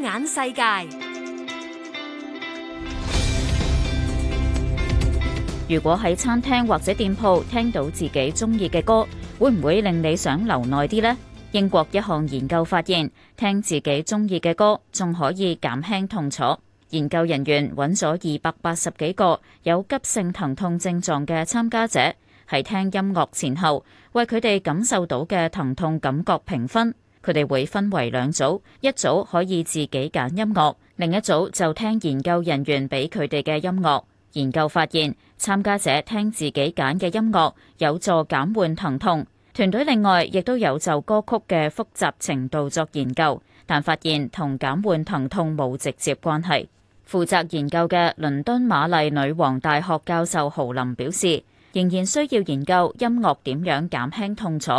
眼世界。如果喺餐廳或者店鋪聽到自己中意嘅歌，會唔會令你想留耐啲呢？英國一項研究發現，聽自己中意嘅歌，仲可以減輕痛楚。研究人員揾咗二百八十幾個有急性疼痛症狀嘅參加者，喺聽音樂前後為佢哋感受到嘅疼痛感覺評分。佢哋會分為兩組，一組可以自己揀音樂，另一組就聽研究人員俾佢哋嘅音樂。研究發現，參加者聽自己揀嘅音樂有助減緩疼痛。團隊另外亦都有就歌曲嘅複雜程度作研究，但發現同減緩疼痛冇直接關係。負責研究嘅倫敦瑪麗女王大學教授豪林表示，仍然需要研究音樂點樣減輕痛楚。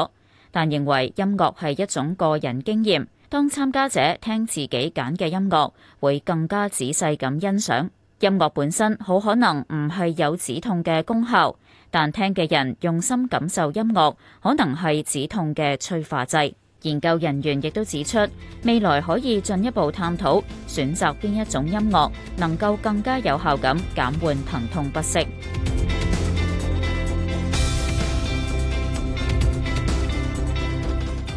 但認為音樂係一種個人經驗，當參加者聽自己揀嘅音樂，會更加仔細咁欣賞音樂本身，好可能唔係有止痛嘅功效，但聽嘅人用心感受音樂，可能係止痛嘅催化劑。研究人員亦都指出，未來可以進一步探討，選擇邊一種音樂，能夠更加有效咁減緩疼痛不適。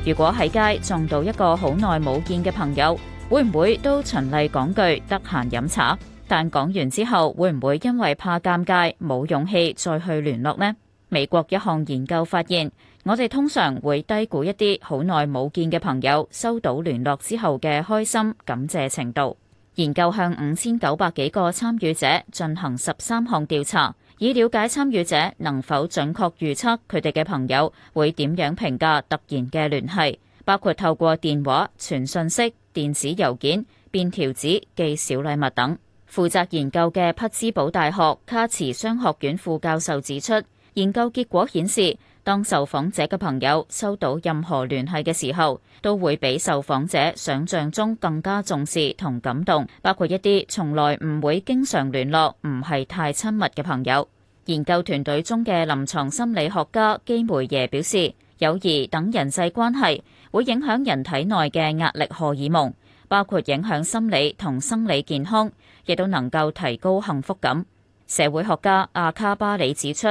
如果喺街撞到一個好耐冇見嘅朋友，會唔會都循例講句得閒飲茶？但講完之後，會唔會因為怕尷尬冇勇氣再去聯絡呢？美國一項研究發現，我哋通常會低估一啲好耐冇見嘅朋友收到聯絡之後嘅開心、感謝程度。研究向五千九百幾個參與者進行十三項調查。以了解參與者能否準確預測佢哋嘅朋友會點樣評價突然嘅聯繫，包括透過電話傳訊息、電子郵件、便條紙寄小禮物等。負責研究嘅匹茲堡大學卡茨商學院副教授指出。研究結果顯示，當受訪者嘅朋友收到任何聯繫嘅時候，都會比受訪者想象中更加重視同感動，包括一啲從來唔會經常聯絡唔係太親密嘅朋友。研究團隊中嘅臨床心理學家基梅耶表示，友誼等人際關係會影響人體內嘅壓力荷爾蒙，包括影響心理同生理健康，亦都能夠提高幸福感。社會學家阿卡巴里指出，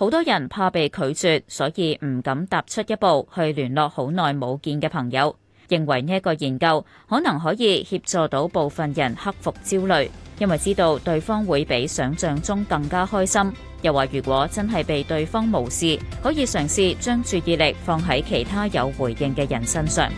好多人怕被拒絕，所以唔敢踏出一步去聯絡好耐冇見嘅朋友。認為呢一個研究可能可以協助到部分人克服焦慮，因為知道對方會比想像中更加開心。又話如果真係被對方無視，可以嘗試將注意力放喺其他有回應嘅人身上。